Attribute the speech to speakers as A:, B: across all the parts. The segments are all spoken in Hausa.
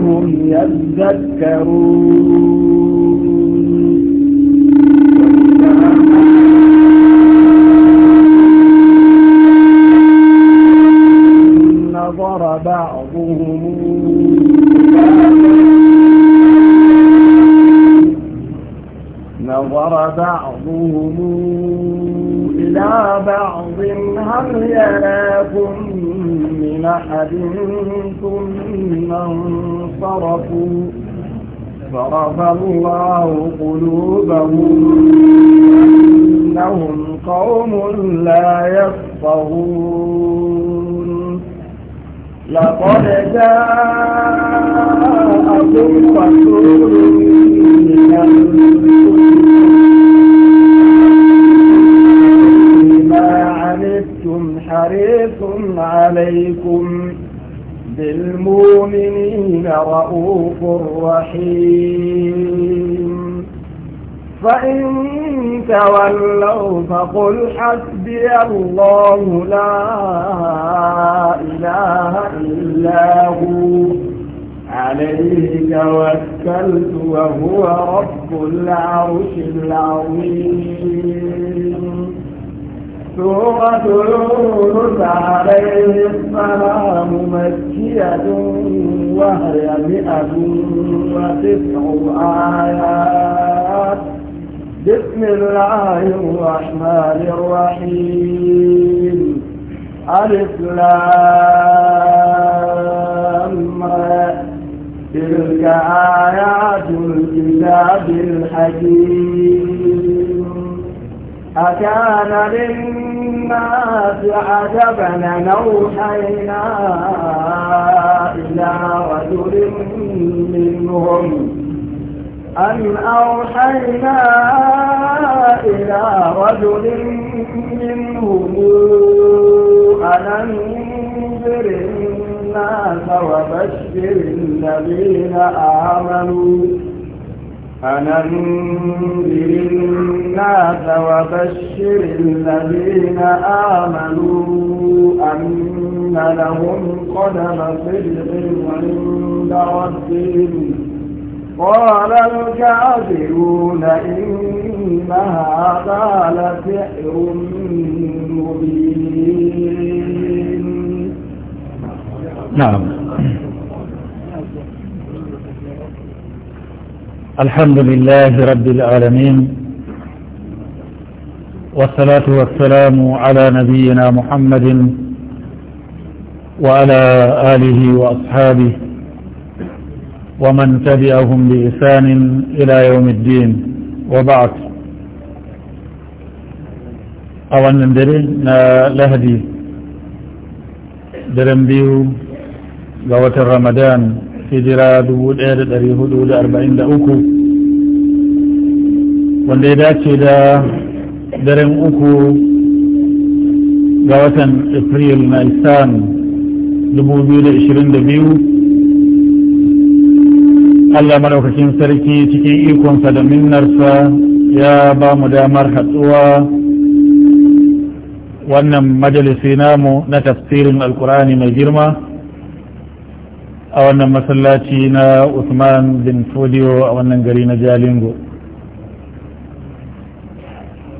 A: لعلهم يذكرون فقل حسبي الله لا إله إلا هو عليه توكلت وهو رب العرش العظيم سورة يونس عليه السلام مكية وهي مئة وتسع آيات بسم الله الرحمن الرحيم ألف تلك آيات الكتاب الحكيم أكان للناس عجبا نوحينا إلى رجل منهم أن أوحينا إلى رجل منهم أن أنذر الناس وبشر الذين آمنوا أن أنذر الناس وبشر الذين آمنوا أن لهم قدم صدق عند ربهم قال الكافرون إن هذا
B: لسحر مبين نعم
C: الحمد لله رب العالمين والصلاة والسلام على نبينا محمد وعلى آله وأصحابه ومن تبعهم بإحسان إلى يوم الدين وبعد أولا درين لهدي درن بيو قوة رمضان في درا دول إير الأريه دول أربعين دأوكو وانده داتي دا درن أوكو قوة إبريل نايسان دبو بيو دا إشرين دبيو Allah madaukakin sarki cikin ikonsa da minnarsa ya ba mu damar hatsuwa wannan majalisi namu na tafsirin alkur'ani mai girma a wannan masallaci na Usman bin Fodiyo a wannan gari na Jalingo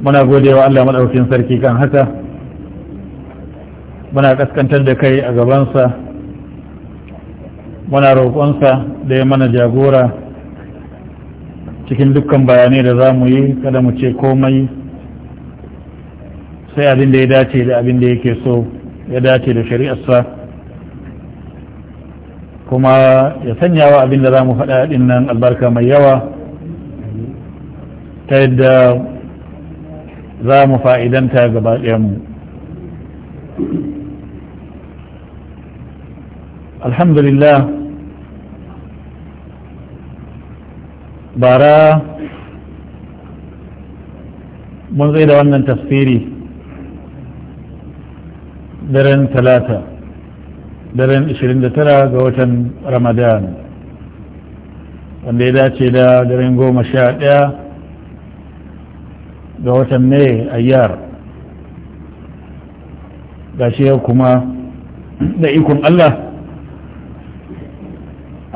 C: muna wa Allah madaukakin sarki kan haka muna ƙaskantar da kai a gabansa muna roƙonsa da ya mana jagora cikin dukkan bayanai da za mu yi kada mu ce komai sai abin da ya dace da abin da yake so ya dace da shari'arsa kuma ya sanya wa abin da za mu faɗa ɗin nan albarka mai yawa ta yadda za mu fa'idanta gaba ɗayanmu alhamdulillah bara mun tsaye da wannan tafsiri daren talata daren 29 ga watan ramadan wanda ya dace da daren goma sha ɗaya ga watan ne ayyar shi yau kuma da ikon allah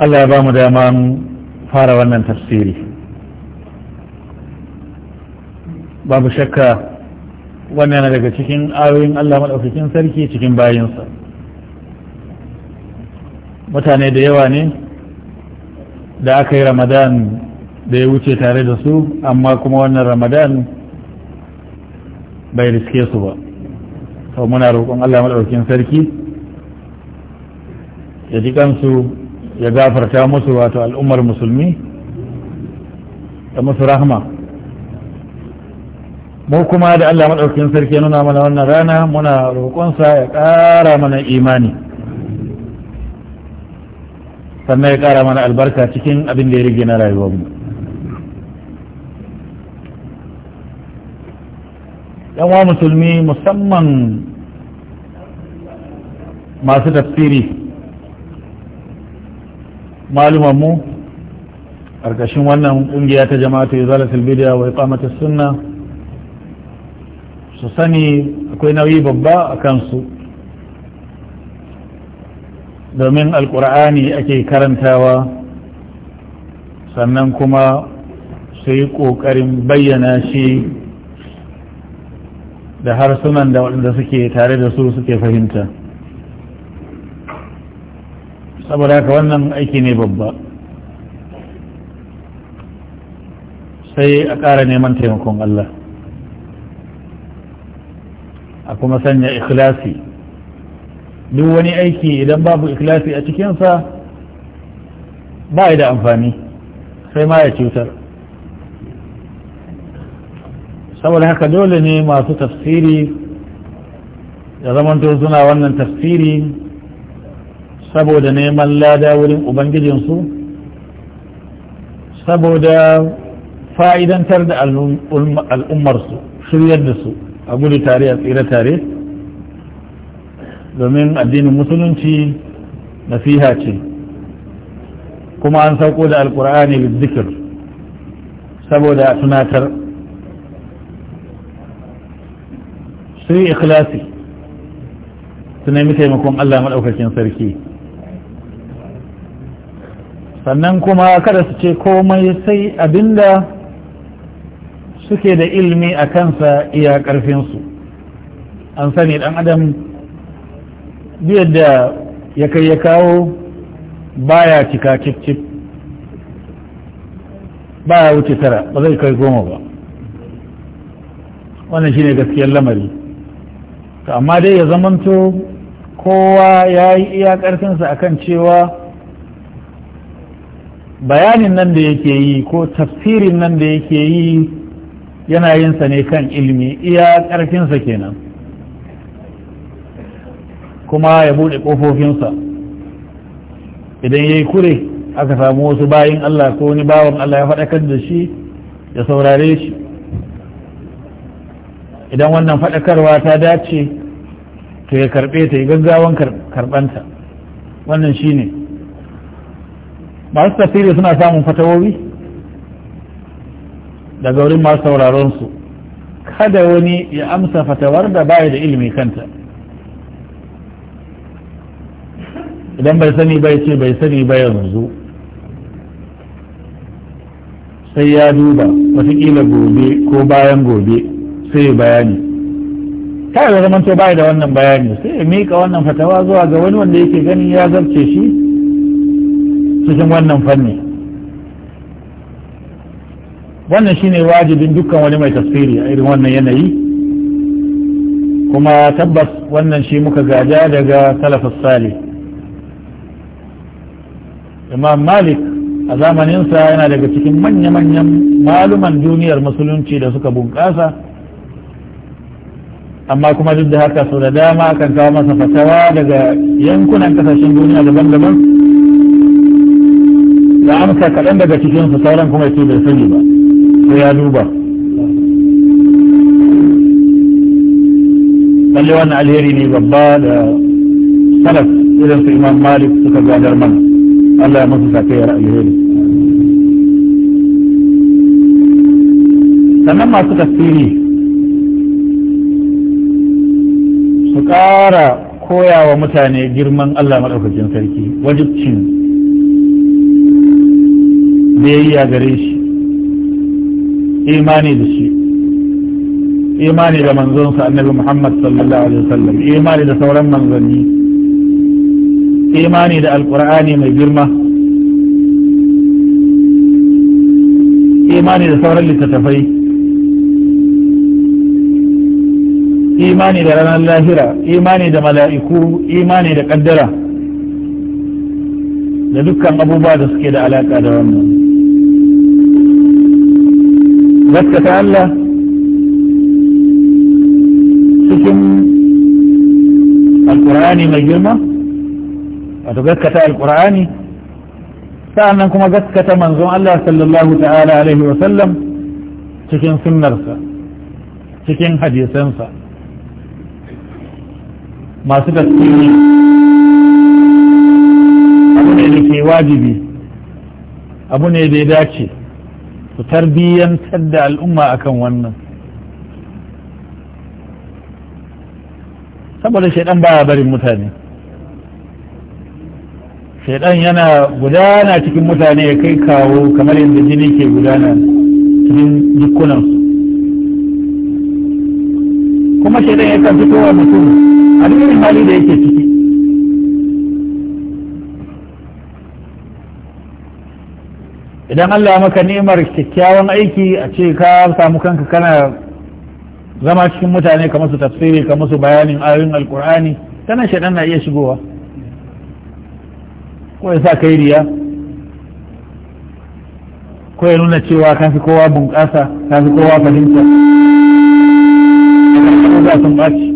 C: allah ya ba mu daman fara wannan tafsiri babu shakka wannan daga cikin ayoyin Allah maɗaukakin sarki cikin bayinsa mutane da yawa ne da aka yi ramadan da ya wuce tare da su amma kuma wannan ramadan bai riske su ba sau muna roƙon Allah maɗaukakin sarki ya ji kansu ya gafarta musu wato al'ummar musulmi da musu rahma mu kuma da Allah maɗaukin sarki nuna mana wannan rana muna roƙonsa ya ƙara mana imani sannan ya ƙara mana albarka cikin abin da ya rige na rayuwarmu wa musulmi musamman masu tafsiri malumanmu ƙarƙashin wannan ƙungiya ta jama'a ta zala silbidiya wa iqamata sunna su sani akwai nauyi babba a kansu domin alƙur'ani ake karantawa sannan kuma su yi ƙoƙarin bayyana shi da harsunan da waɗanda suke tare da su suke fahimta saboda haka wannan aiki ne babba sai a ƙara neman taimakon Allah a kuma sanya ikhlasi duk wani aiki idan babu ikhlasi a cikinsa ba da amfani sai ma ya cutar saboda haka dole ne masu tafsiri da zamanto suna wannan tafsiri saboda neman lada wurin ubangijinsu saboda fa'idantar da al'ummarsu shiryar da su a gudu tare a tsira tare domin addinin musulunci fiha ce kuma an sauko da alkur'ani zikir saboda tunatar sai ikhlasi su nemi taimakon allah maɗaukakin sarki sannan kuma kada su ce komai sai abinda suke da ilmi a kansa iya ƙarfinsu an sani ɗan adam biyar da ya kai ya kawo baya cika cif-cif baya wuce tara ba zai kai goma ba wannan shi ne gaskiyar lamari amma dai ya zamanto kowa ya yi iya ƙarfinsa akan cewa bayanin nan da yake yi ko tafsirin nan da yake yi yana yin sa ne kan ilmi iya ƙarfinsa kenan kuma ya buɗe ƙofofinsa idan ya yi kure aka samu wasu bayin Allah ko wani bawan Allah ya faɗakar da shi ya saurare shi idan wannan faɗakarwa ta dace to ya karɓe ta yi gaggawan karɓanta wannan shine ne masu tafiri suna samun fatawowi daga wurin masu sauraron su kada wani ya amsa fatawar da baya da ilimi kanta idan bai sani bai ce bai sani ba yanzu sai ya duba wataƙila gobe ko bayan gobe sai ya bayani ta yi to baya da wannan bayani sai ya mika wannan fatawa zuwa ga wani wanda yake ganin ya zarce shi cikin wannan fanni wannan shine wajibin dukkan wani mai tafsiri a irin wannan yanayi kuma tabbas wannan shi muka gaja daga salafus salih imam malik a zamaninsa yana daga cikin manya-manyan maluman duniyar musulunci da suka bunƙasa amma kuma duk da haka sau da dama kan kawo masa fatawa daga yankunan ƙasashen duniya daban-daban ya amsa kaɗan daga cikin su sauran kuma ce bai sani ba sai ya duba lalle wannan alheri ne babba da salaf irin su imam malik suka gadar mana Allah ya musu safiyar alheri sannan masu tasiri su kara koya wa mutane girman Allah maɗaukakin sarki wajibcin biyayya gare shi imani da shi imani da manzonsa annabi Muhammad sallallahu alaihi wasallam imani da sauran manzanni imani da alkur'ani mai girma imani da sauran littattafai imani da ranar lahira imani da mala'iku imani da kaddara da dukkan abubuwa da suke da alaƙa da wannan gaskata Allah cikin alkur'ani mai girma wato gaskata alkur'ani sa'annan kuma gaskata manzon Allah sallallahu ta'ala alaihi wa sallam cikin sunnarsa cikin hadisansa masu tasiri abu ne da ke wajibi abu ne da ya dace su tarbiyyantar da al'umma akan wannan saboda shaidan a barin mutane shaidan yana gudana cikin mutane ya kai kawo kamar yadda jini ke gudana cikin jikunansu kuma shaidan ya kan fitowa mutum a duk hali da yake ciki idan Allah maka ni'imar kyakkyawan aiki a ce ka samu kanka kana zama cikin mutane ka musu tafsiri ka musu bayanin ayoyin alkur'ani kana shaɗan na iya shigowa ko ya sa ka yi riya ko ya nuna cewa ka fi kowa bunƙasa ka fi kowa fahimta sun ɓaci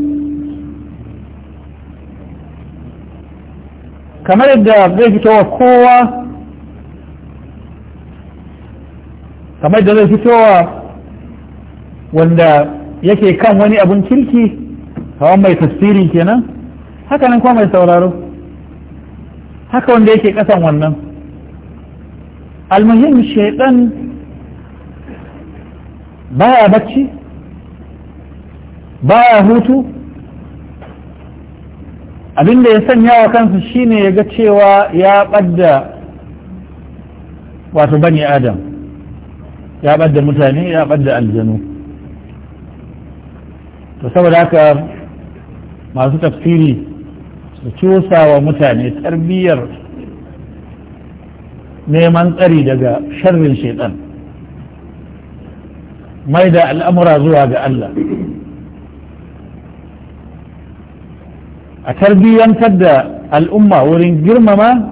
C: kamar yadda zai fito wa kowa kamar da zai fitowa wanda yake kan wani abun kirki kawai mai tasiri kenan haka nan kuma mai sauraro haka wanda yake kasan wannan almuhim shaidan baya bacci baya hutu abinda ya sanya wa kansa shine ya ga cewa ya ɓadda wato bani adam ya ɓadda mutane ya ɓadda aljanu to saboda haka masu tafsiri su cusa wa mutane tarbiyyar neman tsari daga sharrin shaitan mai da al'amura zuwa ga Allah a tarbiyyantar da al'umma wurin girmama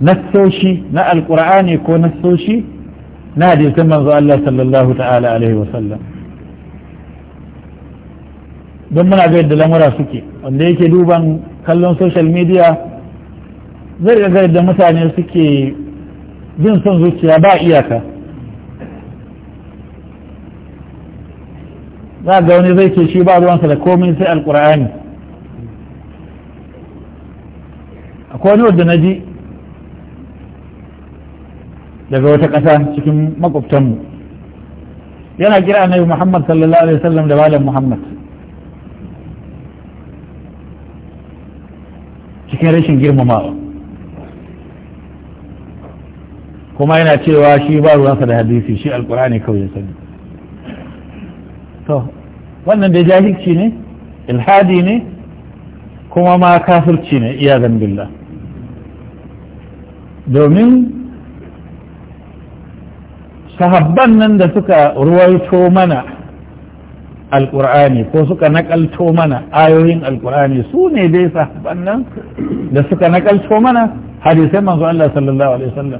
C: nassoshi na Alƙur'ani ko nassoshi na hadisan manzo Allah sallallahu ta'ala alaihi wasallam don muna ga yadda lamura suke wanda yake duban kallon social media zai ga yadda mutane suke jin son zuciya ba iyaka za ga wani zai ce shi ba ruwansa da komai sai alkur'ani akwai wani wadda na ji daga wata ƙasa cikin makwabtanmu yana kira annabi muhammad sallallahu alaihi wasallam da malam muhammad cikin rashin girmamawa kuma yana cewa shi ba ruwansa da hadisi shi alkurani kawai ya sani to wannan da jahilci ne ilhadi ne kuma ma kafirci ne iya billah domin sahabban nan da suka ruwaito mana alkur'ani ko suka nakalto mana ayoyin alkur'ani su ne dai sahabban nan da suka nakalto mana hadisai manzo Allah sallallahu alaihi wasallam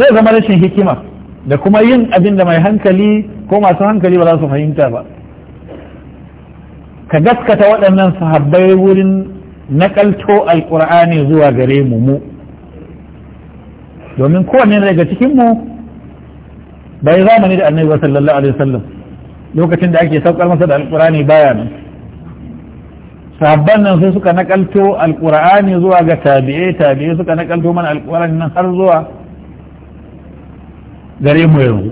C: zai zama rashin hikima da kuma yin abin da mai hankali ko masu hankali ba za su fahimta ba ka gaskata waɗannan sahabbai wurin nakalto alkur'ani zuwa gare mu mu domin kowanne daga cikinmu bai zamani da annabi sallallahu alaihi wasallam lokacin da ake saukar masa da alkurani baya nan sabban nan sai suka nakalto alkurani zuwa ga tabi'e tabi'e suka nakalto mana alkurani nan har zuwa gare mu yanzu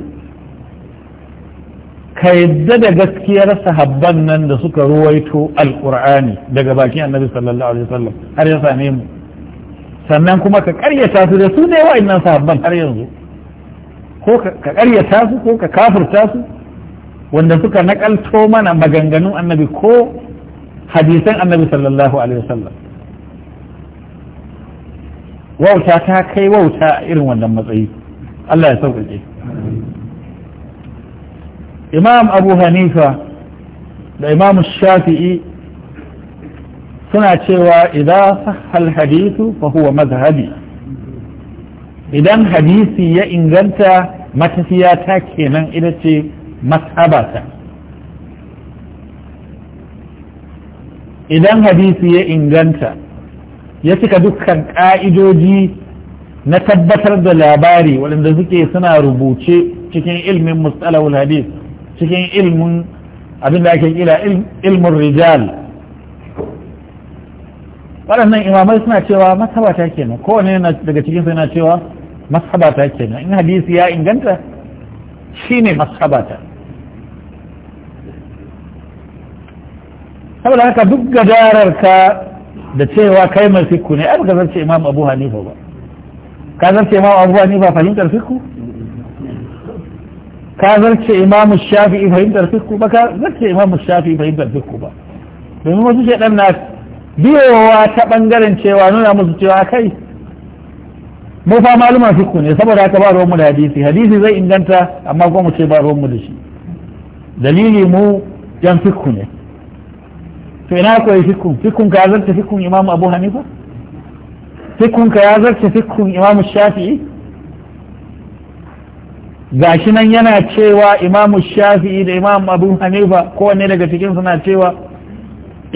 C: ka yadda da gaskiyar sahabban nan da suka ruwaito alkur'ani daga bakin annabi sallallahu alaihi wasallam har ya same mu sannan kuma ka karyata su da su ne wa'annan sahabban har yanzu ko ka karyata su ko ka kafirta su wanda suka nakalto mana maganganun annabi ko hadisan annabi sallallahu alaihi wasallam wauta ta kai wauta a irin wannan matsayi Allah ya sauƙaƙe imam abu hanifa da imam shafi'i suna cewa idan sahal hadithu fa huwa mazhabi idan hadisi ya inganta matafiya ta kenan ita ce mas'abata idan hadisi ya inganta ya cika dukkan ƙa'idoji na tabbatar da labari waɗanda suke suna rubuce cikin ilmin mustalahul cikin ilmin abin da ake kira ilmin rijal waɗannan imamai suna cewa masabata kenan kowane yana daga cikin su yana cewa masabata kenan in hadisi ya inganta shine masabata saboda haka duk gadarar ka da cewa kai mai fiku ne ai ka zarce imam abu hanifa ba ka zarce imam abu hanifa fahimtar fiku ka zarce imam shafi'i fahimtar fiku ba ka zarce imam shafi'i fahimtar fiku ba domin wasu shaɗan na biyowa ta ɓangaren cewa nuna musu cewa kai mu fa maluman fiku ne saboda haka ba ruwanmu da hadisi hadisi zai inganta amma kuma mu ce ba ruwanmu da shi dalili mu yan fiku ne to ina koyi fikun fikun ka zarta fikun imamu abu hanifa fikun ka ya zarta fikun imamu shafi'i gashi nan yana cewa imamu shafi'i da imamu abu hanifa kowanne daga cikin suna cewa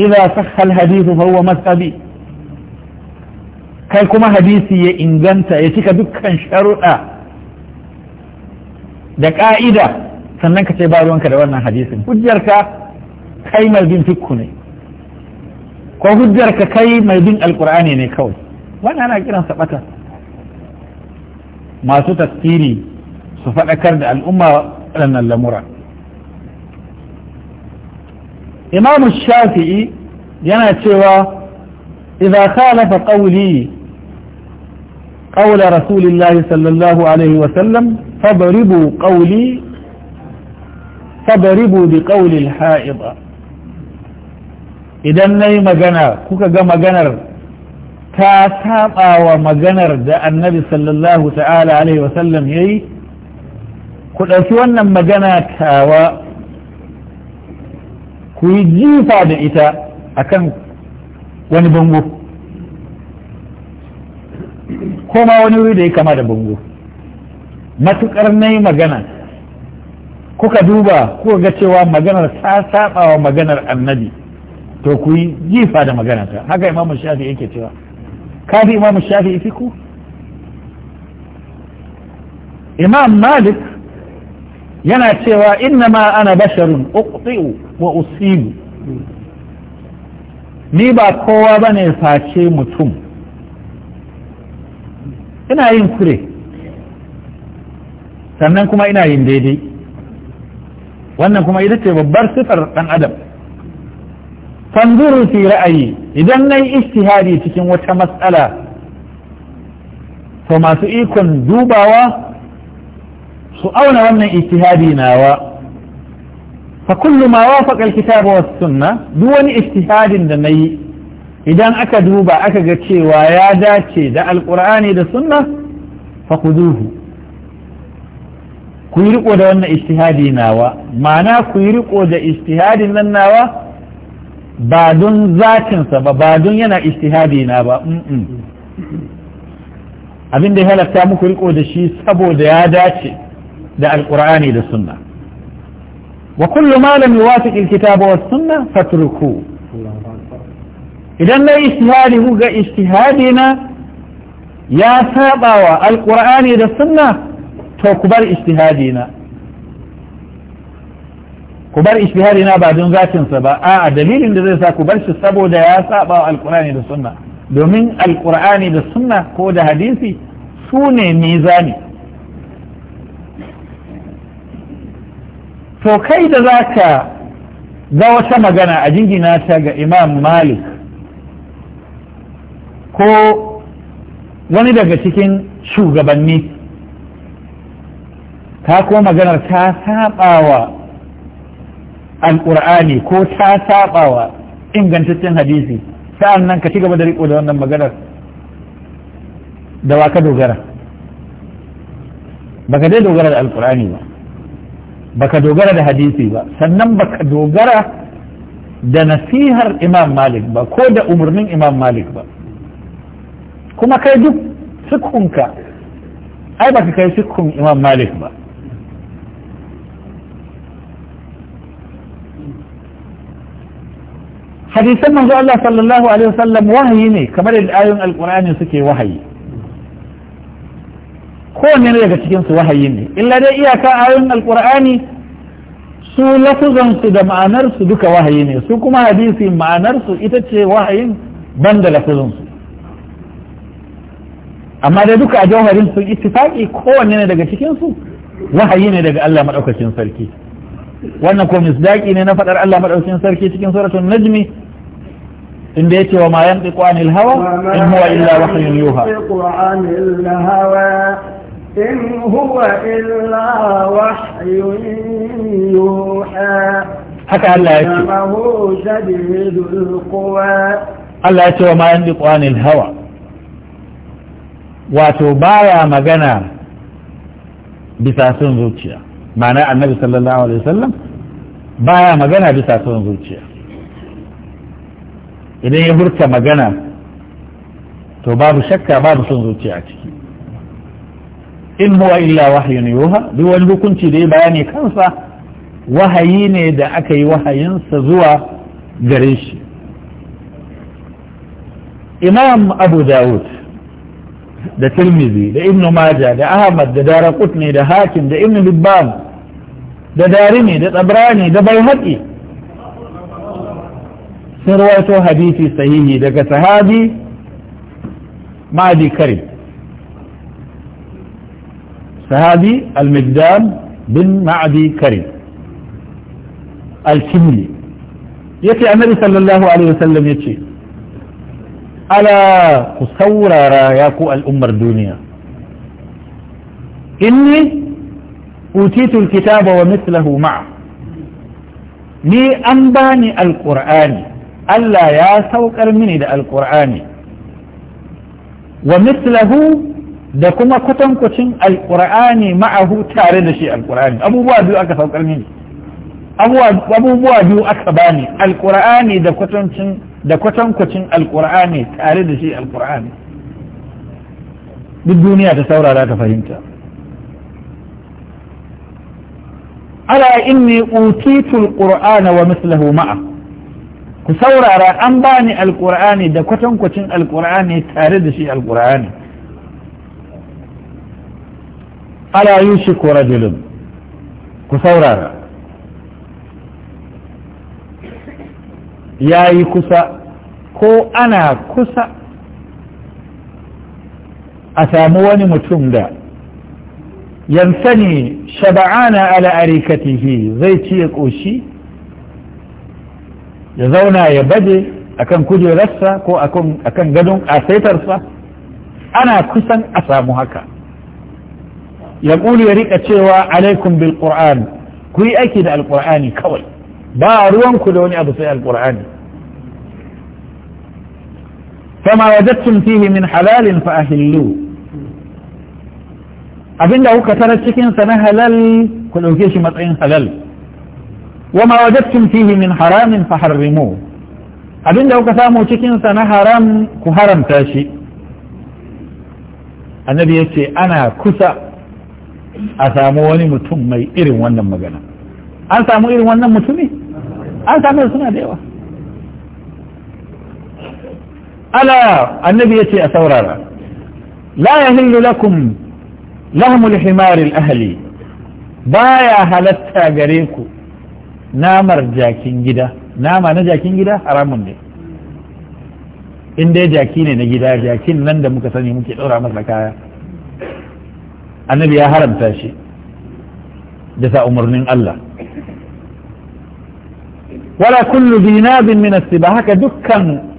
C: idza sahha alhadith fa huwa mazhabi kai kuma hadisi ya inganta ya cika dukkan sharuɗa da ƙa'ida sannan ka ce ba ruwanka da wannan hadisin hujjarka kai mai bin fikku ne ko hujjarka kai mai bin alkur'ani ne kawai wannan ana kiran tafsiri su faɗakar da al'umma waɗannan lamura imamu shafi'i yana cewa idza khalafa qawli qawla rasulillah sallallahu alaihi wa sallam fadribu qawli fadribu bi qawli al-ha'id idan nayi magana kuka ga maganar ta saba wa maganar da annabi sallallahu ta'ala alaihi wa sallam yayi ku ɗauki wannan magana tawa ku yi jifa da ita akan wani bango ko ma wani wuri da ya kama da bango matukar na yi magana kuka duba kuka ga cewa maganar ta saba wa maganar annabi to ku yi jifa da magana ta haka imamu shafi yake cewa ka bi imamu shafi ifi ku imam malik yana cewa inna ma ana basharun uqti'u wa usibu ni ba kowa ba ne face mutum ina yin kure sannan kuma ina yin daidai wannan kuma ita ce babbar sifar ɗan adam fi ra'ayi idan na yi istihari cikin wata matsala to masu ikon dubawa su auna wannan istihari nawa fa kullu ma wafaqa alkitab sunna duk wani ijtihadin da nayi idan aka duba aka ga cewa ya dace da alqur'ani da sunna fa khuduhu ku yi riko da wannan ijtihadi nawa ma'ana ku yi riko da ijtihadin nan nawa ba don zatinsa ba ba yana ijtihadi na ba abin da ya halarta muku riko da shi saboda ya dace da alƙur'ani da sunna وكل ما لم يوافق الكتاب والسنة فاتركوه إذن لا إجتهاد هو إجتهادنا يا ساطا القرآن إذا السنة تكبر إجتهادنا كبر إجتهادنا بعد ذات سبا آآ آه، دليل إذا كبر سبو دا يا ساطا القرآن إذا السنة دومين القرآن إذا السنة كود حديثي سوني ميزاني to kai da za ka ga wata magana a jingina ta ga imam malik ko wani daga cikin shugabanni ta kuma maganar ta saɓawa alƙur'ani ko ta saɓawa ingantaccen hadisi sa'an nan ka ci gaba da riko da wannan maganar da wa dogara ba ka dai dogara da alƙur'ani ba baka dogara da hadisi ba sannan baka dogara da nasihar imam malik ba ko da umarnin imam malik ba kuma kai duk sukunka ai baka kai sukun imam malik ba hadisan manzo Allah sallallahu alaihi wasallam wahayi ne kamar da ayoyin alqur'ani suke wahayi ne daga cikinsu wahayi ne illa dai iyaka ayoyin alkur'ani su lafuzansu da ma'anarsu duka wahayi ne su kuma hadisi ma'anarsu ita ce wahayin ban da lafuzansu amma dai duka a jawharin sun ittifaqi ko ne daga cikinsu wahayi ne daga Allah madaukakin sarki wannan ko misdaki ne na fadar Allah madaukakin sarki cikin suratul najmi inda yake wa ma yantiqu anil hawa in huwa illa wahyun yuha
A: إن هو إلا وحي يوحى haka Allah ya ce
C: Allah ya ce wa mayan liƙwanin hawa wato baya magana bisa son zuciya ma'ana annabi sallallahu alaihi wasallam baya magana bisa son zuciya idan ya hurta magana to babu shakka babu son zuciya ce in huwa illa wahyun yuha duk wani hukunci da ya bayani kansa wahayi ne da aka yi wahayinsa zuwa gare shi imam abu dawud da tirmidhi da ibn maja da ahmad da dara kutne da hakim da ibn libban da darimi da tabrani da bai haƙi sun rawaito hadisi sahihi daga sahabi ma'adi karim sahabi al bin ma'adi karim al-kimli yace annabi sallallahu alaihi wasallam yace ala ku saurara ya ku al'ummar duniya inni utitul kitaba wa mislahu ma'a ni an bani alqur'ani Allah ya sauƙar mini da alqur'ani wa mislahu da kuma kwatankwacin alkur'ani ma'ahu tare da shi alkur'ani abubuwa biyu aka saukar mini abubuwa biyu aka bani alkur'ani da kutancin da kwatankwacin alkur'ani tare da shi alkur'ani duk duniya ta saurara ta fahimta ala inni utitu alqur'ana wa mislahu ma'a ku saurara an bani alqur'ani da kwatankwacin alqur'ani tare da shi alqur'ani ala yushiku rajulun ku saurara ya yi kusa ko ana kusa a samu wani mutum da yansani shaba'ana ala arikatihi zai ci ya ƙoshi ya zauna ya baje akan kujerarsa ko akan gadon asaitarsa ana kusan a samu haka ya ƙulu ya riƙa cewa alaikum bil qur'an ku yi aiki da alqur'ani kawai ba ruwanku da wani abu sai alqur'ani Kama wajadtum fihi min halalin fa ahillu abinda kuka tara cikin sa na halal ku ɗauke shi matsayin halal wama wajadtum fihi min haramin fa harrimu abinda kuka samu cikin sa na haram ku haramta shi annabi yace ana kusa a samu wani mutum mai irin wannan magana an samu irin wannan mutumi an samu suna da yawa ala annabi ya ce a saurara la ya hillu lakum lahmul ahali ahli ya halatta gare ku namar jakin gida nama na jakin gida haramun ne in dai jaki ne na gida jakin nan da muka sani muke ɗora masa kaya annabi ya haramta shi sa umarnin Allah wala kullu dinabin min ba haka dukkan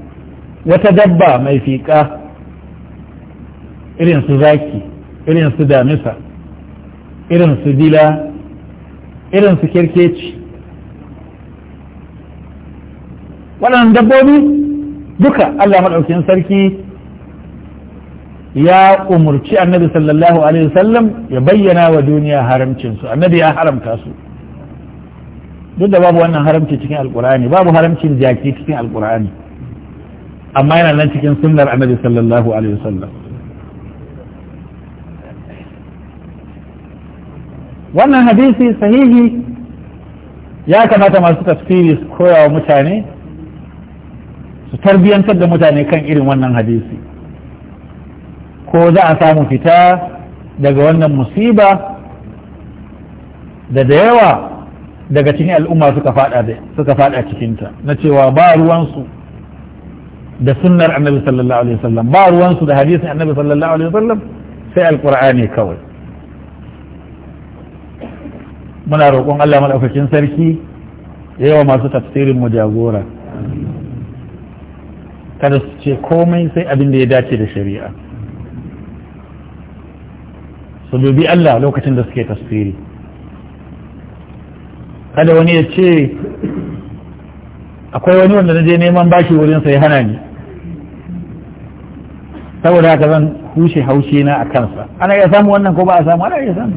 C: wata dabba mai fiƙa irin su zaki irin su damisa irin su dila irin su kirkeci waɗannan dabbobi duka Allah maɗaukin sarki ya umurci annabi sallallahu alaihi wasallam ya bayyana wa duniya haramcinsu annabi ya haramta su duk da babu wannan haramci cikin alkur'ani babu haramcin jaki cikin alkur'ani amma yana nan cikin sunnar annabi sallallahu alaihi wasallam wannan hadisi sahihi ya kamata masu tafsiri su koya wa mutane su tarbiyantar da mutane kan irin wannan hadisi ko za a samu fita daga wannan musiba da da yawa daga cikin al'umma suka fada cikinta na cewa ba ruwansu da sunnar annabi sallallahu alaihi wasallam ba ruwansu da hadisin annabi sallallahu alaihi wasallam sai alkur'ani kawai muna roƙon Allah malaukakin sarki yawa masu tafsirin mu jagora kada su ce komai sai abin da ya dace da shari'a su dubi Allah lokacin da suke tasfiri kada wani ya ce akwai wani wanda na je neman bashi wurin sai hana ni saboda haka zan hushe haushe na a kansa ana iya samu wannan ko ba a samu ana iya samu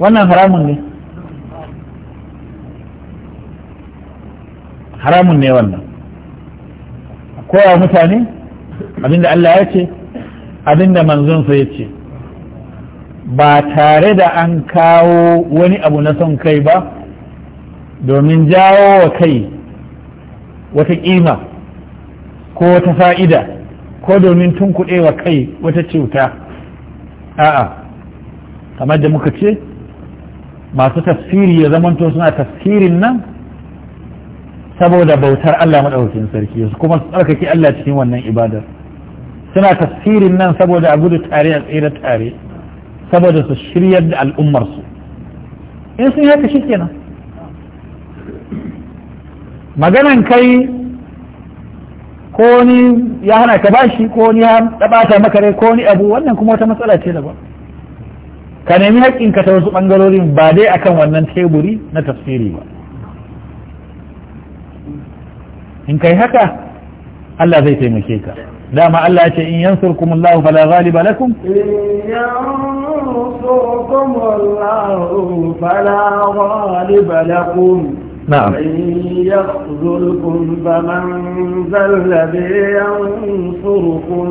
C: wannan haramun ne haramun ne wannan koya mutane abinda Allah ya ce Abin abinda manzonsa ya ce ba tare da an kawo wani abu na son kai ba domin jawo wa kai wata ƙima ko wata fa'ida ko domin tunkuɗe wa kai wata cuta a'a kamar da muka ce masu tafsiri ya zamanto suna tafsirin nan saboda bautar Allah maɗaukakin sarki su kuma tsarkake Allah cikin wannan ibadar suna tafsirin nan saboda a gudu tare a tsira tare saboda su shiryar da al'ummarsu in sun haka shi kenan maganan kai ko ni ya hana ka bashi ko ni ya ɓata maka rai ko ni abu wannan kuma wata matsala ce daban ka nemi haƙƙinka ta wasu ɓangarorin ba dai akan wannan teburi na tafsiri ba in kai haka Allah zai taimake ka dama Allah ya ce in yansurkum Allah fala ghaliba lakum
A: in yansurkum Allah fala ghaliba lakum نعم يخذلكم فمن min الذي ينصركم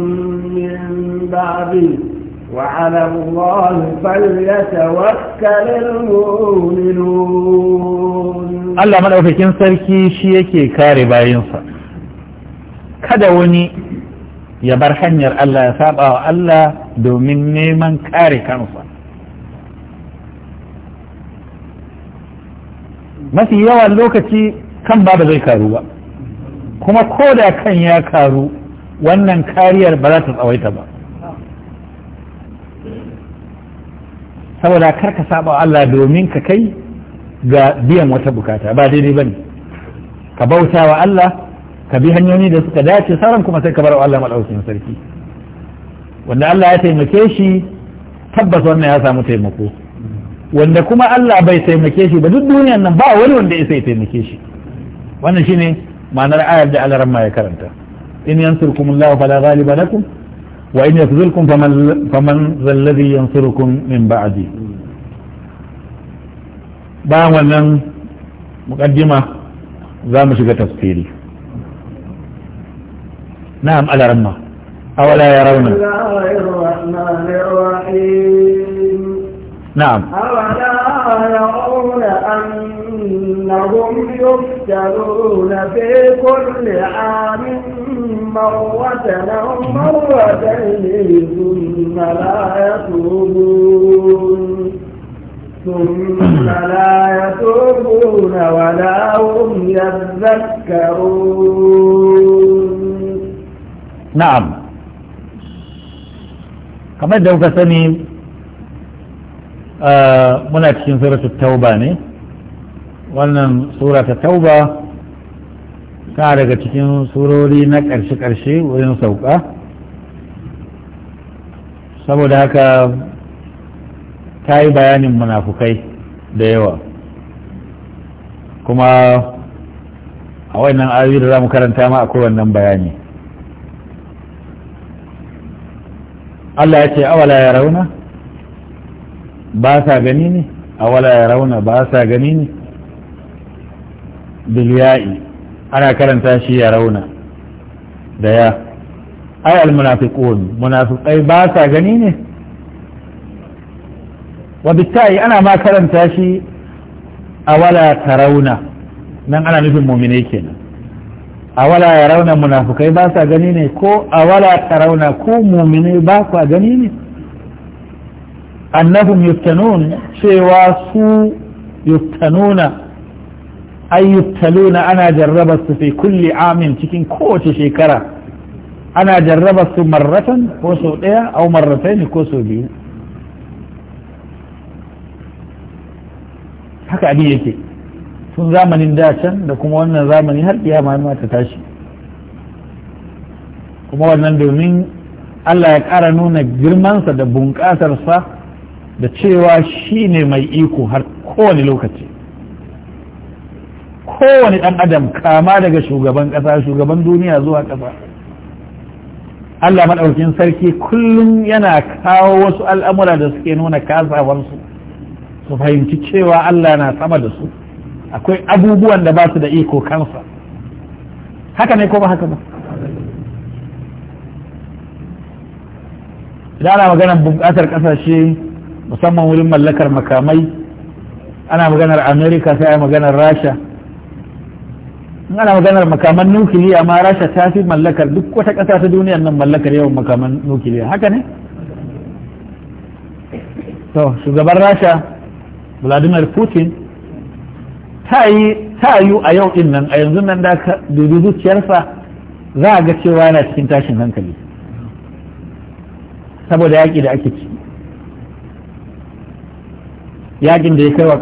A: من بعده وعلى الله فليتوكل المؤمنون الله
C: Sarki shi yake kare bayinsa. kada wani ya bar hanyar Allah ya saba wa Allah domin neman kare kansa mafi yawan lokaci kan ba zai karu ba kuma ko da kan ya karu wannan kariyar ba za ta tsawaita ba saboda kar ka saba wa Allah domin ka kai ga biyan wata bukata ba daidai ba ne ka bauta wa Allah ka bi hanyoyi da suka dace sauran kuma sai ka bar Allah madaukakin sarki wanda Allah ya taimake shi tabbas wannan ya samu taimako wanda kuma Allah bai taimake shi ba duk duniyan nan ba wani wanda ya sai taimake shi wannan shine ma'anar ayar da Allah ramma ya karanta in yansurkum Allah fala ghaliba lakum wa in yakhzulkum faman faman zalladhi yansurukum min ba'di bayan wannan muqaddima za mu shiga tafsiri نعم على رمى أولا يرون بسم
A: الله الرحمن الرحيم نعم أولا يرون أنهم يفتنون في كل عام مرة أو مرتين ثم لا يتوبون ثم لا يتوبون ولا هم يذكرون
C: na'am kamar da kuka sani uh, muna cikin suratul tauba ne wannan sura ta tauba ta daga cikin surori na ƙarshe-ƙarshe wurin sauka saboda haka ta yi bayanin munafukai da yawa kuma a wannan ayoyi da za mu karanta ma akwai wannan bayani
B: Allah ya ce awala ya
C: rauna ba sa gani ne awala ya rauna ba sa gani ne bilya'i ana karanta shi ya rauna da ya ai almunafiqun munafiqai ba sa gani ne وبالتالي ana ma karanta shi awala ترون nan ana nufin مؤمنين kenan awala ya rauna munafukai ba sa gani ne ko awala ta rauna ko mumini ba sa gani ne annahum yuftanun cewa su yuftanuna ay yuftaluna ana jarraba su fi kulli amin cikin kowace shekara ana jarraba su marratan ko sau ɗaya au ne ko sau biyu haka abin yake tun zamanin da can da kuma wannan zamani har kiyama ma ta tashi kuma wannan domin Allah ya ƙara nuna girmansa da bunƙasarsa da cewa shi ne mai iko har kowane lokaci kowane ɗan adam kama daga shugaban ƙasa shugaban duniya zuwa ƙasa Allah maɗaukin sarki kullum yana kawo wasu al'amura da suke nuna kasawarsu su fahimci cewa Allah na sama da su akwai abubuwan da ba su da iko kansa haka ne ko ba haka ba idan ana maganar bukatar kasashe musamman wurin mallakar makamai ana maganar amerika sai a maganar rasha in ana maganar makaman nukiliya ma rasha ta fi mallakar duk wata ƙasa ta duniyar nan mallakar yawan makaman nukiliya haka ne to shugaban rasha vladimir putin ta yi a yau din nan a yanzu nan da ka dubi zuciyarsa za a ga cewa yana cikin tashin hankali saboda yaƙi da ake ci yaƙin da ya kai wa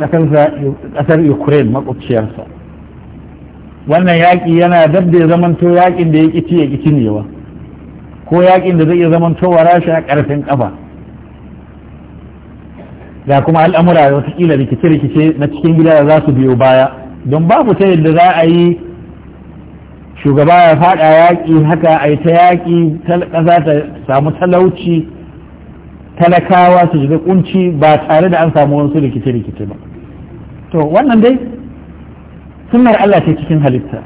C: ƙasar ukraine makwabciyarsa wannan yaƙi yana dab da ya zamanto yaƙin da ya ƙi ci, ya ƙi cinyewa, ko yaƙin da zai iya zamanto wa rasha ƙarfin ƙafa ga kuma al'amura watakila rikice-rikice na cikin gida da za su biyo baya don babu ta yadda za a yi shugaba ya faɗa yaƙi haka a yi ta yaƙi ƙasa ta samu talauci talakawa su shiga ƙunci ba tare da an samu wasu rikice-rikice ba to wannan dai sunar Allah ce cikin halitta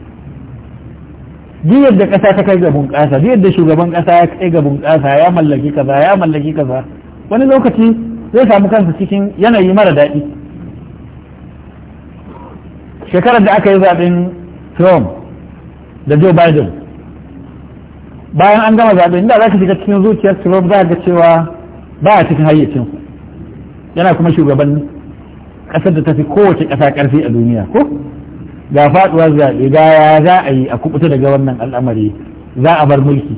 C: duk yadda ƙasa ta kai ga bunƙasa duk yadda shugaban ƙasa ya kai ga bunƙasa ya mallaki kaza ya mallaki kaza wani lokaci sai samu kansa cikin yanayi mara daɗi shekarar da aka yi zaɓen trump da joe biden bayan an gama zaɓen inda za ka shiga cikin zuciyar trump za ga cewa ba a cikin hayyacin yana kuma shugaban ƙasar da ta fi kowace ƙasa ƙarfi a duniya ko ga faɗuwar zaɓe ga ya za a yi a kubuta daga wannan al'amari za a bar mulki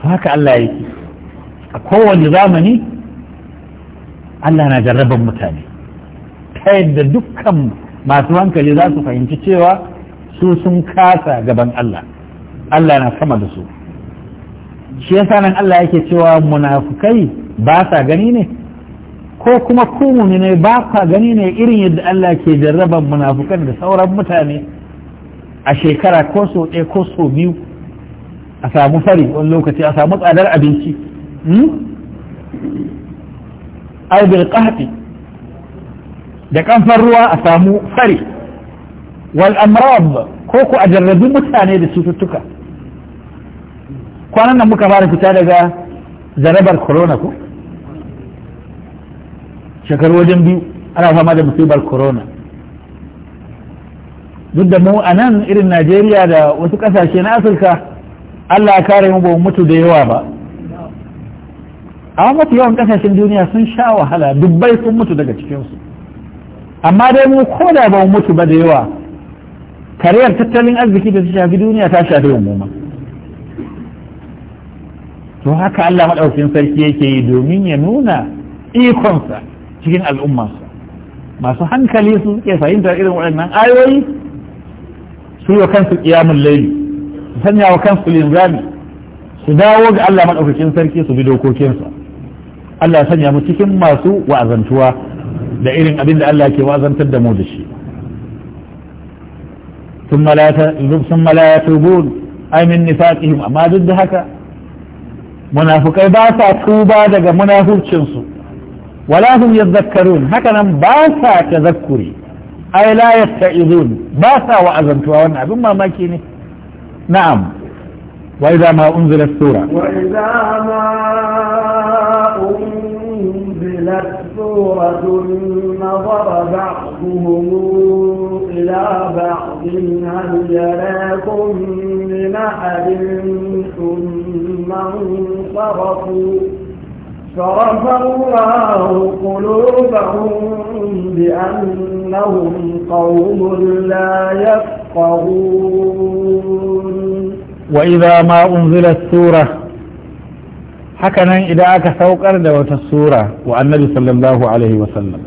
C: to haka Allah yake a kowane zamani Allah na jarraban mutane ta yadda dukkan masu hankali za su fahimci cewa su sun kasa gaban Allah Allah na sama da su shi yasa nan Allah yake cewa munafukai ba sa gani ne ko kuma kumu ne ba sa gani ne irin yadda Allah ke jarraban munafukan da sauran mutane a shekara ko so ɗaya ko so biyu a samu fari wani lokaci a samu tsadar abinci hmm? aw bil da kamfan ruwa a samu fari wal amrad ko ku a jarrabi mutane da cututtuka kwanan nan muka fara fita daga zarabar corona ko shekaru wajen biyu ana fama da musibar corona duk da mu a nan irin najeriya da wasu ƙasashe na afirka allah ya kare mu ba mutu da yawa ba amma mafi yawan kasashen duniya sun sha wahala dubbai sun mutu daga cikinsu amma dai mu ko da ba mutu ba da yawa kariyar tattalin arziki da ta shafi duniya ta shafi noma to haka Allah maɗaukin sarki yake yi domin ya nuna ikonsa cikin al'ummarsa masu hankali su suke fahimtar irin waɗannan ayoyi su yi wa kansu ƙiyamun laili su sanya wa kansu linzami su dawo ga Allah maɗaukakin sarki su bi dokokinsa Allah ya sanya mu cikin masu wa'azantuwa da irin abin da Allah ke wa'azantar da mu da shi sun malaya tubun aimin nifaƙihim amma duk da haka munafukai ba sa tuba daga munafurcinsu wala hum yadhakkarun hakanan nan ba sa tazakkuri ai la yasta'izun ba sa wa'azantuwa wannan abin mamaki ne na'am وإذا ما أنزلت سورة
A: وإذا ما أنزلت سورة نظر بعضهم إلى بعض هل يراكم من أحد ثم انصرفوا شرف الله قلوبهم بأنهم قوم لا يفقهون
C: wa idza ma unzilat sura hakanan idan aka saukar da wata sura wa annabi sallallahu alaihi wasallam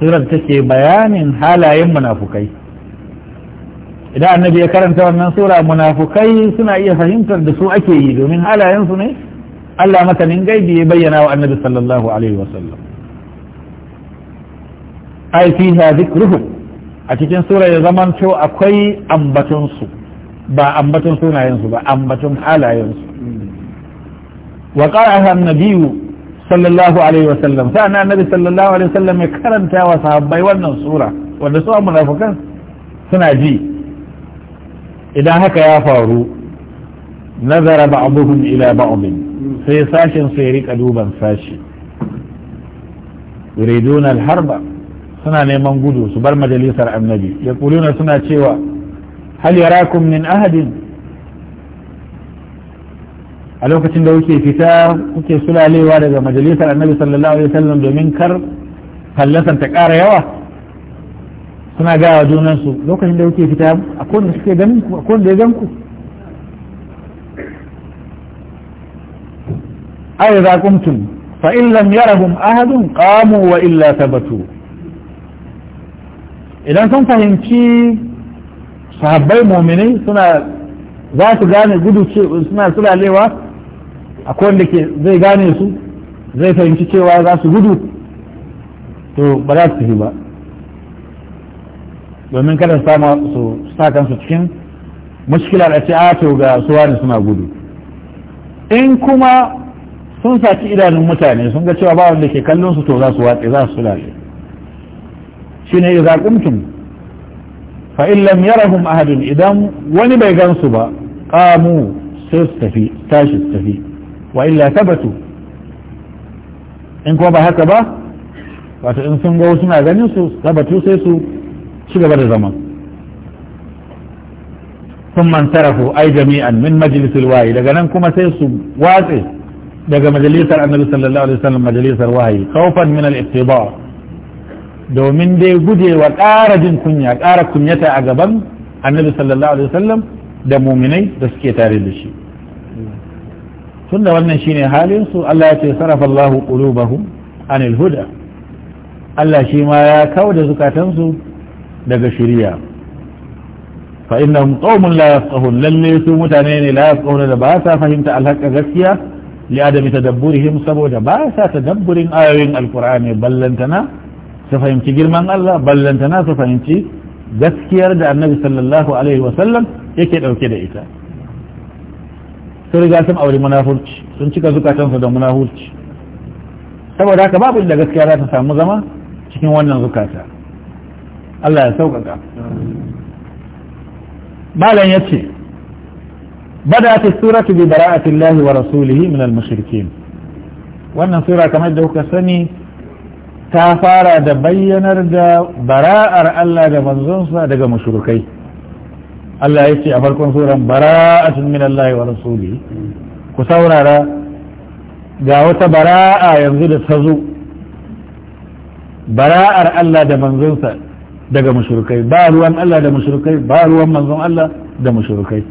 C: surar take bayanin halayen munafukai idan annabi ya karanta wannan sura munafukai suna iya fahimtar da su ake yi domin halayensu ne Allah matanin gaibi ya bayyana wa annabi sallallahu alaihi wasallam ai fiha dhikruhum a cikin sura zaman zamanto akwai ambatonsu ba ambatun sunayensu ba ambatun halayensu wa qara'a an-nabiyyu sallallahu alaihi wasallam sai nabi sallallahu alaihi wasallam ya karanta wa sahabbai wannan sura wanda su munafikan suna ji idan haka ya faru nazara ba'dhum ila ba'd sai sashin sai rika duban sashi yuriduna al-harba suna neman gudu su bar majalisar annabi yaquluna suna cewa hal yarakum min ahadin a lokacin da kuke fita kuke sulalewa daga majalisar annabi sallallahu alaihi wasallam domin kar fallasan ta ƙara yawa suna gawa junansu lokacin da kuke fita a kowanne suke ganin ku a kowanne ya gan ku ai za kumtum fa in lam wa illa idan sun fahimci sahabbai muminai suna za su gane gudu ce suna sulalewa akwai wanda ke zai gane su zai fahimci cewa za su gudu to ba za su tafi ba domin kada sama su sa kansu cikin mushkilar a ce a to ga suwa ne suna gudu in kuma sun saci idanun mutane sun ga cewa ba wanda ke kallon su to za su watsa za su sulale ne idza qumtum fa in lam yarahum ahadun idan wani bai gansu ba qamu sai su tafi tashi su tafi wa illa tabbatu. in kuma ba haka ba wata in sun ga suna ganin su tabbatu sai su ci gaba da zaman sun tarafu ai jami'an min majalisar wayi daga nan kuma sai su watse daga majalisar annabi sallallahu alaihi wasallam majalisar wahayi khawfan min al-ittiba' domin dai gujewa ƙara jin kunya ƙara kunyata a gaban annabi sallallahu alaihi wasallam da muminai da suke tare da shi tun da wannan shine halin su Allah ya ce sarafa qulubahum anil huda Allah shi ma ya kawo da zukatansu daga shiriya fa innahum qaumun la yafqahun lalle su mutane ne la yafqahun da ba sa fahimta alhaqa gaskiya li adami tadabburihim saboda ba sa tadabburin ayoyin alqur'ani ballantana su fahimci girman Allah ballantana su fahimci gaskiyar da annabi sallallahu alaihi wasallam yake ɗauke da ita sun riga sun auri munafurci sun cika zukatansu da munafurci saboda haka babu inda gaskiya za ta samu zama cikin wannan zukata Allah ya sauƙaƙa malam ya ce بدأت wa ببراءة الله ورسوله من wannan sura kamar da kuka sani. ta fara da bayyanar da bara'ar Allah da manzonsa daga mashrukai Allah ya ce a farkon suran bara'atun min Allah wa rasuli ku saurara ga wata bara'a yanzu da ta zo bara'ar Allah da manzonsa daga mashrukai ba ruwan Allah da mashrukai ba ruwan manzon Allah da mashrukai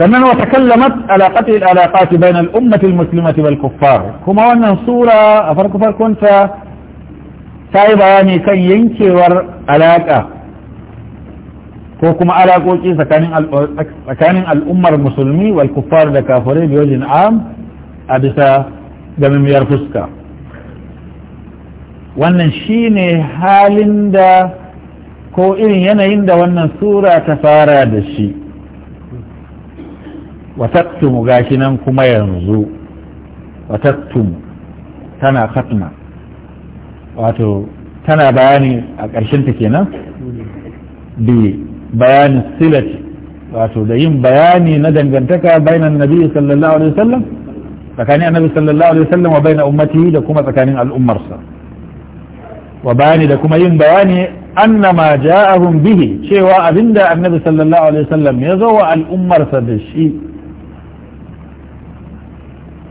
C: sannan wa kallamat alaqati alaqati bain al-ummati al-muslimati wal kuffar kuma wannan sura a farko farkonta ta yi bayani kan yankewar alaƙa ko kuma alaƙoƙi tsakanin al'ummar musulmi wal kuffar da kafirai da yajin am a bisa gamimiyar fuska wannan ne halin da ko irin yanayin da wannan sura ta fara da shi wa taktumu gashi nan kuma yanzu wa tana khatma wato tana bayani a ƙarshen ta kenan bi bayanin silati wato da yin bayani na dangantaka bainan nabi sallallahu alaihi wasallam tsakanin annabi sallallahu alaihi wasallam wa bainan ummatihi da kuma tsakanin al'ummarsa wa bayani da kuma yin bayani annama ja'ahum bihi cewa abinda annabi sallallahu alaihi wasallam ya zo wa al'ummarsa da shi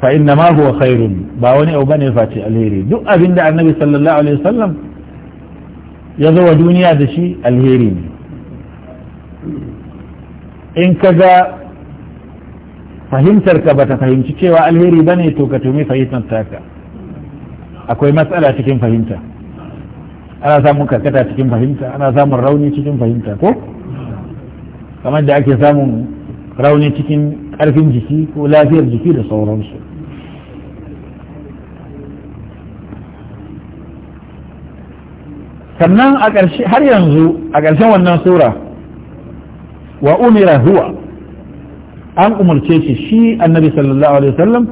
C: fa inna ma huwa khairun ba wani abu bane face alheri duk abin da annabi sallallahu alaihi wasallam ya zo wa duniya da shi alheri ne in ka ga fahimtar ka ta fahimci cewa alheri bane to ka tumi fahimtar taka akwai matsala cikin fahimta ana samun karkata cikin fahimta ana samun rauni cikin fahimta ko kamar da ake samun rauni cikin karfin jiki ko lafiyar jiki da sauransu sannan a ƙarshe har yanzu a ƙarshen wannan sura wa umira huwa an umarce shi shi annabi sallallahu alaihi wasallam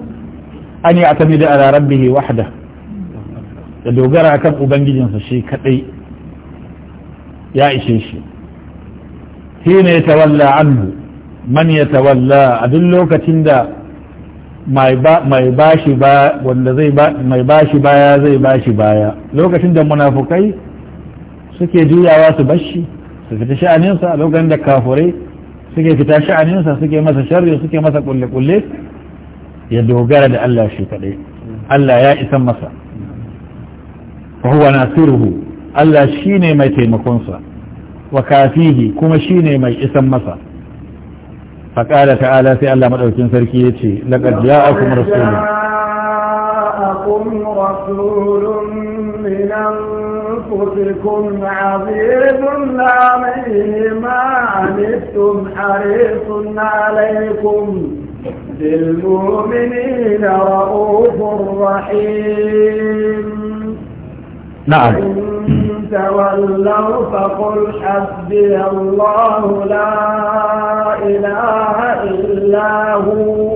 C: an yi atamida ala rabbihi wahda da dogara akan ubangijinsa shi kadai ya ishe shi hina ya tawalla anhu man ya tawalla a duk lokacin da mai bashi ba wanda zai mai bashi baya zai bashi baya lokacin da munafukai suke juyawa su bashi su fita sha'aninsa lokacin da kafurai suke fita sha'aninsa suke masa sharri suke masa kulle-kulle ya dogara da Allah shi kaɗai Allah ya isan masa fa huwa nasiruhu Allah shi ne mai taimakonsa wa kafihi kuma ne mai isan masa فقال تعالى في الله مدعوكين سركي يتي لقد جاءكم رسول
A: جاءكم رسول من أنفسكم عزيز عليه ما عنتم حريص عليكم بالمؤمنين رؤوف رحيم
B: نعم إن
A: تولوا فقل حسبي الله لا إله إلا هو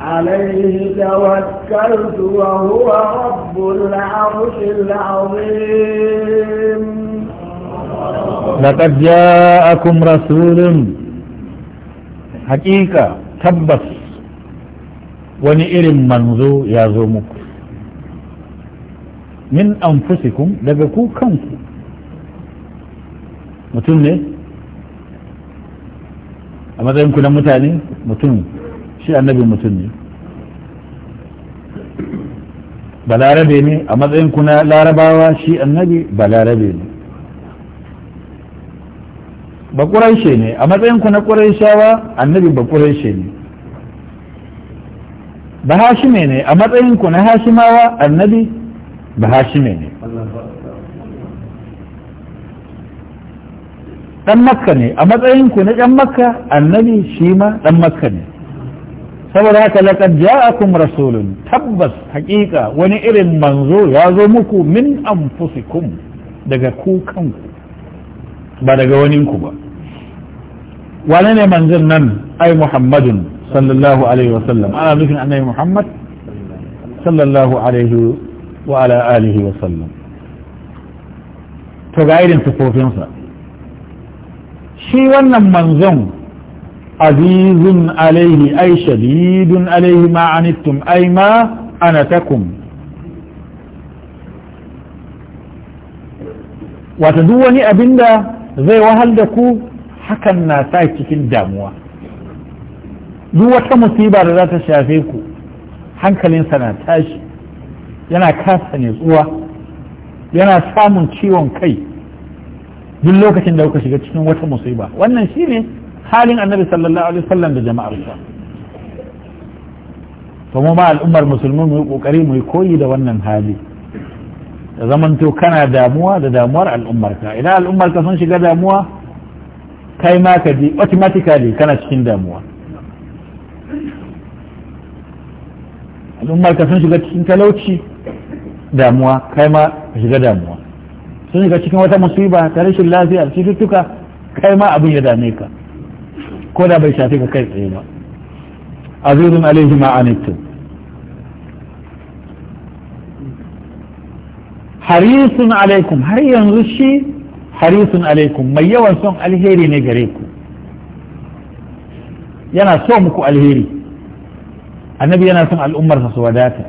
A: عليه توكلت وهو رب العرش العظيم
C: لقد جاءكم رسول حقيقة تبس ونئر يا زومك من أنفسكم لقكو كنكم متن ne a matsayinku na mutane shi annabi mutum ne balarabe ne a matsayin kuna larabawa shi annabi balarabe ne ba ƙuraishe ne a matsayin kuna ƙuraishawa annabi ba ƙuraishe ne ba hashime ne a matsayin kuna hashimawa annabi ba hashime ne ɗan makka ne a matsayin ku na ɗan makka annabi shi ma ɗan makka ne saboda haka laqad ja'akum rasulun tabbas haƙiƙa wani irin manzo ya zo muku min anfusikum daga ku kanku ba daga wani ku ba wane ne manzon nan ai muhammadun sallallahu alaihi wa sallam ana nufin annabi muhammad sallallahu alaihi wa ala alihi wa sallam to ga irin sifofinsa shi wannan manzon azizun alaihi ai shadidun alaihi ma anittum ai ma wata duk wani abin da zai wahal da ku hakan na sa cikin damuwa duk wata musiba da za ta shafe ku hankalinsa na tashi yana kasa nutsuwa yana samun ciwon kai duk lokacin da kuka shiga cikin wata musiba wannan shine حال النبي صلى الله عليه وسلم بجماعة الإسلام فمو مع الأمة المسلمون وكريم ويكوي دونا هذه زمن تو كان داموا دا داموا على الأمة إلى الأمة تصنش قد داموا كي ما كدي أوتوماتيكالي كانت شين داموا الأمة تصنش قد شين كالوتشي داموا كي ما شين داموا تصنش قد شين وتا مصيبة تريش اللازي أرشيشتك كي ما أبي يداميكا ko da bai shafi ka kai tsaye ba azizun alaihi ma harisun alaikum har yanzu shi harisun alaikum mai yawan son alheri ne gare ku yana so muku alheri annabi yana son al'ummarsa su wadata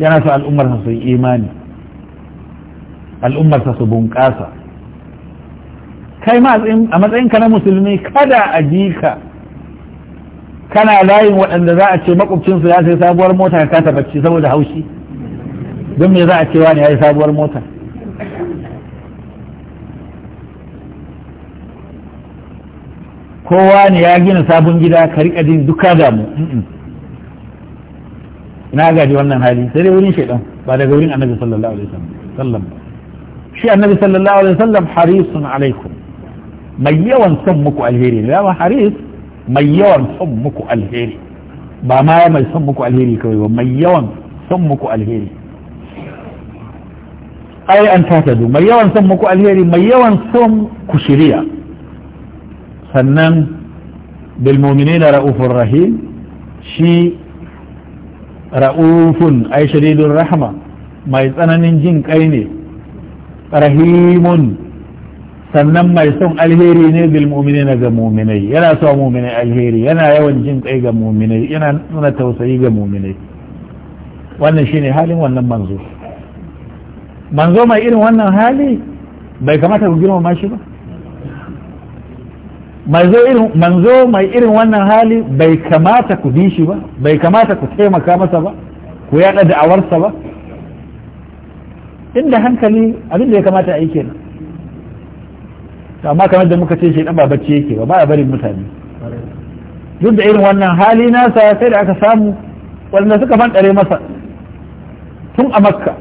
C: yana son al'ummarsa su yi imani al'ummarsa su bunƙasa kai ma a matsayinka na musulmi kada a ji ka kana layin waɗanda za a ce makwabcinsu ya sai sabuwar mota ka kasa bacci saboda haushi don me za a cewa ne ya yi sabuwar mota kowa ne ya gina sabon gida ka riƙa jin duka damu ina gaji wannan hali sai dai wurin shaidan ba daga wurin annabi sallallahu alaihi wasallam shi annabi sallallahu alaihi wasallam harisun alaikum mai yawan son muku alheri da dama haris mai yawan son muku alheri ba ma ya mai son muku alheri kawai ba mai yawan son muku alheri ai an tata du mai yawan son muku alheri mai yawan son ku shirya sannan bil mu'minina ra'ufur rahim shi ra'ufun ai shadidun rahma mai tsananin jin kai ne rahimun sannan mai son alheri ne bil mu'minina ga mu'minai yana so mu'minai alheri yana yawan jin kai ga mu'minai yana nuna tausayi ga mu'minai wannan shine halin wannan manzo manzo mai irin wannan hali bai kamata ku girmama shi ba manzo mai irin wannan hali bai kamata ku bi shi ba bai kamata ku taimaka masa ba ku yada da'awarsa ba inda hankali abin da ya kamata a yi kenan amma kamar da muka ce shi dan babacce yake ba ba barin mutane duk da irin wannan hali nasa sai da aka samu wanda suka fanɗare masa tun a makka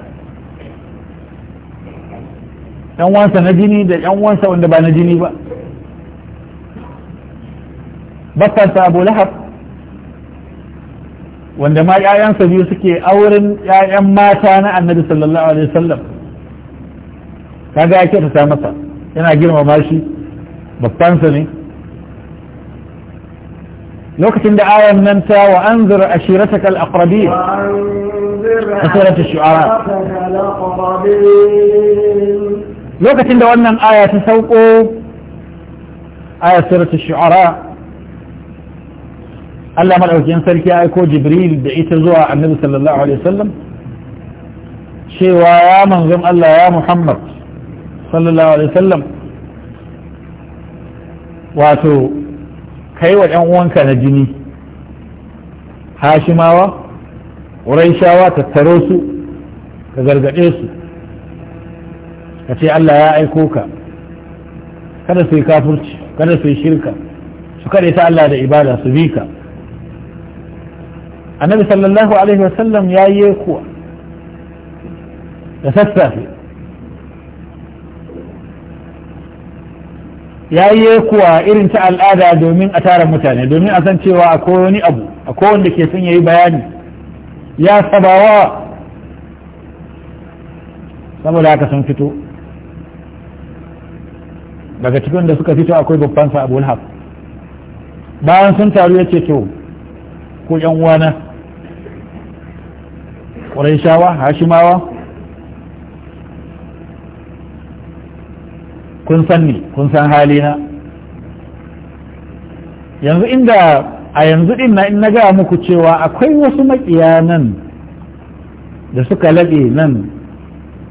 C: yan wansa na jini da yan wansa wanda ba na jini ba bakkansa abu lahab wanda ma ‘ya'yansa biyu suke auren ‘ya'yan mata na annabi sallallahu alaihi wasallam kaga ya kyautata masa yana girmama shi babbansa ne lokacin da ayan nan ta wa an zira a shirata kal akrabi
A: a surata shu'ara
C: lokacin da wannan aya ta sauko aya surata shu'ara Allah maɗaukin sarki ya aiko Jibril da ita zuwa annabi sallallahu alaihi wasallam cewa ya manzon Allah ya Muhammad sallallahu alaihi wasallam wato kai wa ɗan uwanka na jini hashimawa shawa tattaro su ka gargaɗe su ka ce Allah ya aiko ka kada su yi kafurci kada su yi shirka su kaɗe ta Allah da ibada su bi ka annabi sallallahu alaihi wasallam ya yi kuwa da sassafe ya yi kuwa irin ta al'ada domin a tara mutane domin a san cewa akwai wani abu akwai wanda ke son ya yi bayani ya sabawa saboda haka sun fito daga cikin da suka fito akwai babbansa abu haf bayan sun taru ya ce to ko yan uwana ƙwarai shawa hashimawa kun san ni kun san halina yanzu inda a yanzu din na in na gaya muku cewa akwai wasu makiya nan da suka laɓe nan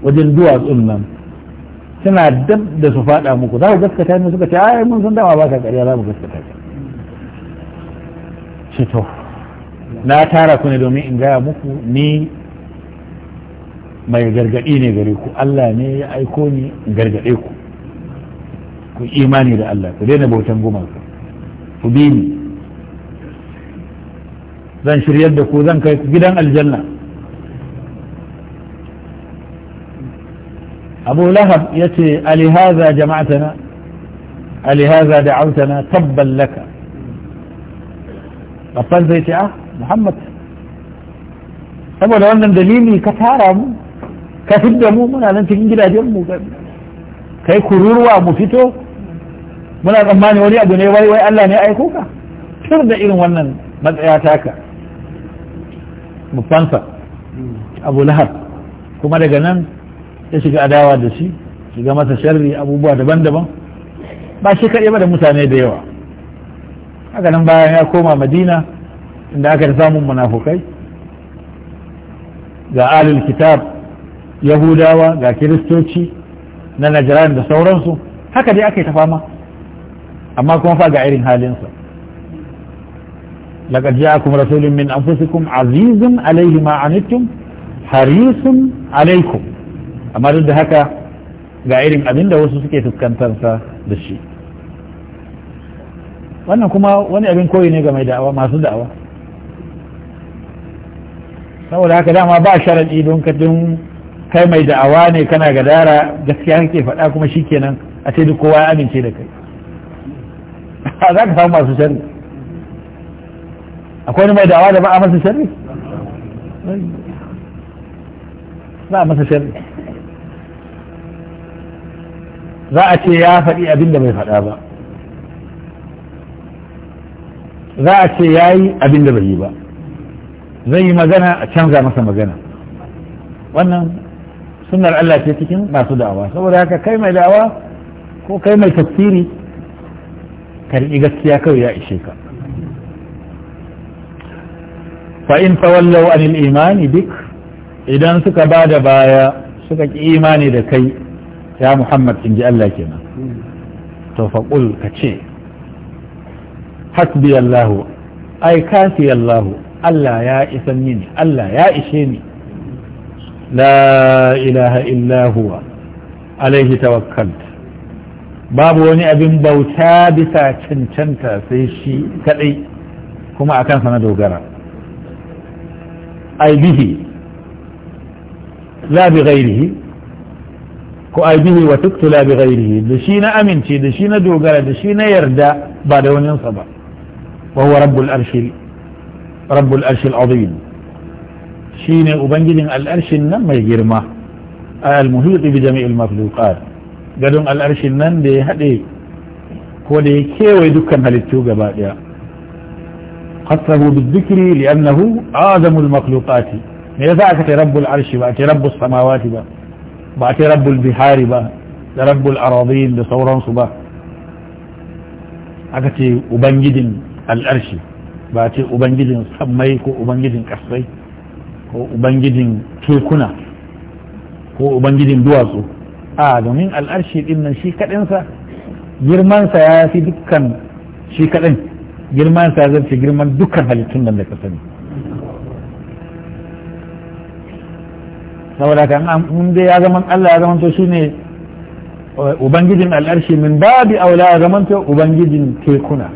C: wajen duwatsun nan suna dab da su faɗa muku za ku gaskata ne suka ce ai mun san dama ba ka ƙarya za mu gaskata ce to na tara ku ne domin in gaya muku ni mai gargaɗi ne gare ku Allah ne ya aiko ni in gargaɗe ku ku imani da Allah ku daina bautan gumaka ku bi ni zan shiryar da ku zan kai ku gidan aljanna abu lahab ya ce alihaza jama'atana alihaza da'autana tabban laka babban zai ce ah muhammad saboda wannan dalili ka tara mu ka fidda mu muna nan cikin gidajen mu kai kururwa mu fito muna tsammani wani abu ne wai wai Allah ne aiko ka tur da irin wannan matsaya taka Mufansa abu lahar kuma daga nan ya shiga adawa da shi shiga masa sharri abubuwa daban-daban ba shi kaɗai ba da mutane da yawa haka nan bayan ya koma madina inda aka samun munafukai ga alil kitab yahudawa ga kiristoci na najiran da sauransu haka dai aka yi ta fama amma kuma fa ga irin halinsa laqad ja'akum rasulun min anfusikum azizun alayhi ma anittum harisun alaykum amma duk da haka ga irin abinda wasu suke sa da shi wannan kuma wani abin koyi ne ga mai da'awa masu da'awa saboda haka dama ba sharadi don ka kai mai da'awa ne kana gadara gaskiya kake faɗa kuma shikenan a ce duk kowa ya amince da kai a za ka samu masu sharri akwai wani mai dawa da ba a masa sharri ba a masa sharri za a ce ya faɗi abin da bai faɗa ba za a ce ya yi abin da bai yi ba zai yi magana a canza masa magana wannan sunar Allah ce cikin masu da'awa saboda haka kai mai da'awa ko kai mai tafsiri karbi gaskiya kawai ya ishe ka fa in anil imani duk idan suka ba da baya suka ki imani da kai ya muhammad in ji Allah kenan to faƙul ka ce hasbi Allah ai kafi Allah Allah ya isan ni Allah ya ishe ni la ilaha illahu alaihi tawakkalt babu wani abin bauta bisa cancanta sai shi kadai kuma a kansa na dogara ai bihi la bi ko ai bihi wa tuktu labi gairihi da shi na amince da shi na dogara da shi na yarda ba da wani sa ba wa huwa rabbul arshil rabbul Shi ne ubangijin al'arshin nan mai girma al-muhit bi jami'il makhluqat gadon al'arshin nan da ya haɗe ko da ya kewaye dukkan halittu gaba ɗaya qattahu bizikri li'annahu azamul makhluqati me yasa aka ce rabbul arshi ba a ce rabbus samawati ba ba a ce rabbul bihari ba da rabbul aradin da sauransu ba aka ce ubangijin al'arshi ba a ce ubangijin sammai ko ubangijin kasai ko ubangijin tekuna ko ubangijin duwatsu a domin al'arshi din nan shi kaɗinsa girmansa ya fi dukkan shi kaɗin girmansa ya zarce girman dukkan halittun nan da ka sani saboda kan in dai ya zaman Allah ya zamanto shi ne uh, ubangijin al'arshi min babi aula ya zamanto ubangijin tekuna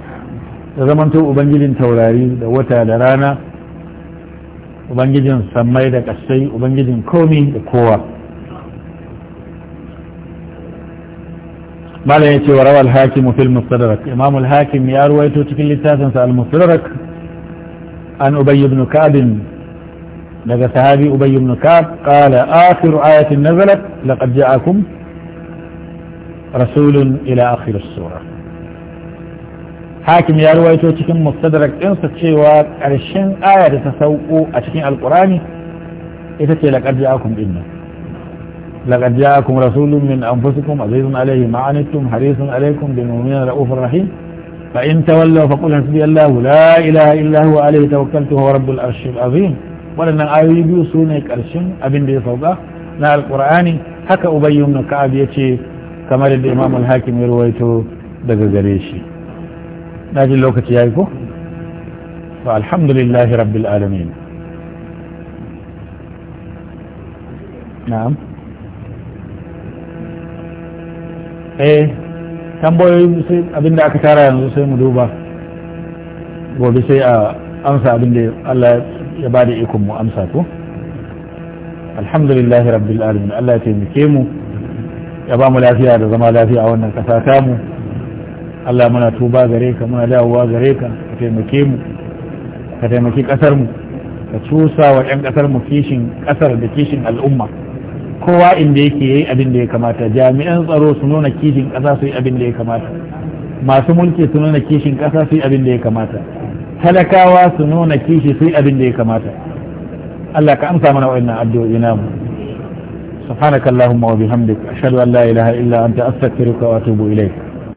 C: ya zamanto ubangijin taurari da wata da rana ubangijin sammai da ƙasai ubangijin komi da kowa مالا يتي وروى الحاكم في المصدرك إمام الحاكم يارويت تكلتاتا سأل المصدرك أن أبي بن كاب لقى سهابي أبي بن كعب قال آخر آية نزلت لقد جاءكم رسول إلى آخر السورة حاكم يارويت تكلم مصدرك إن ستشيوات عرشين آية تسوء أتكين القرآن إذا لقد جاءكم إنه لقد جاءكم رسول من أنفسكم عزيز عليه ما عنتم حريص عليكم بالمؤمنين رؤوف رحيم فإن تولوا فقل حسبي الله لا إله إلا هو عليه توكلت وهو رب العرش العظيم waɗannan ayoyi biyu su ne ƙarshen abin da ya sauka na alƙur'ani haka ubay ibn ka'ab ya ce kamar da imam al-hakim ya ruwaito daga gare shi na ji lokaci yayi alhamdulillahi rabbil alamin eh tambayoyi sai abinda aka tara yanzu sai mu duba gobe sai a amsa abinda Allah ya ba da ikon mu amsa ko alhamdulillahi rabbil alamin Allah ya taimake mu ya ba mu lafiya da zama lafiya a wannan kasa ta mu Allah muna tuba gare ka muna dawowa gare ka ka taimake mu ka taimaki kasar mu ka cusa wa 'yan kasar mu kishin kasar da kishin al'umma kowa inda yake yayi abin da ya kamata jami'an tsaro su nuna kishin ƙasa su yi abin da ya kamata masu mulki su nuna kishin ƙasa su yi abin da ya kamata talakawa su nuna kishi su yi abin da ya kamata Allah ka amsa mana wa'annan addu'o'i namu subhanakallahumma wa bihamdika ashhadu an la ilaha illa anta astaghfiruka wa atubu ilayk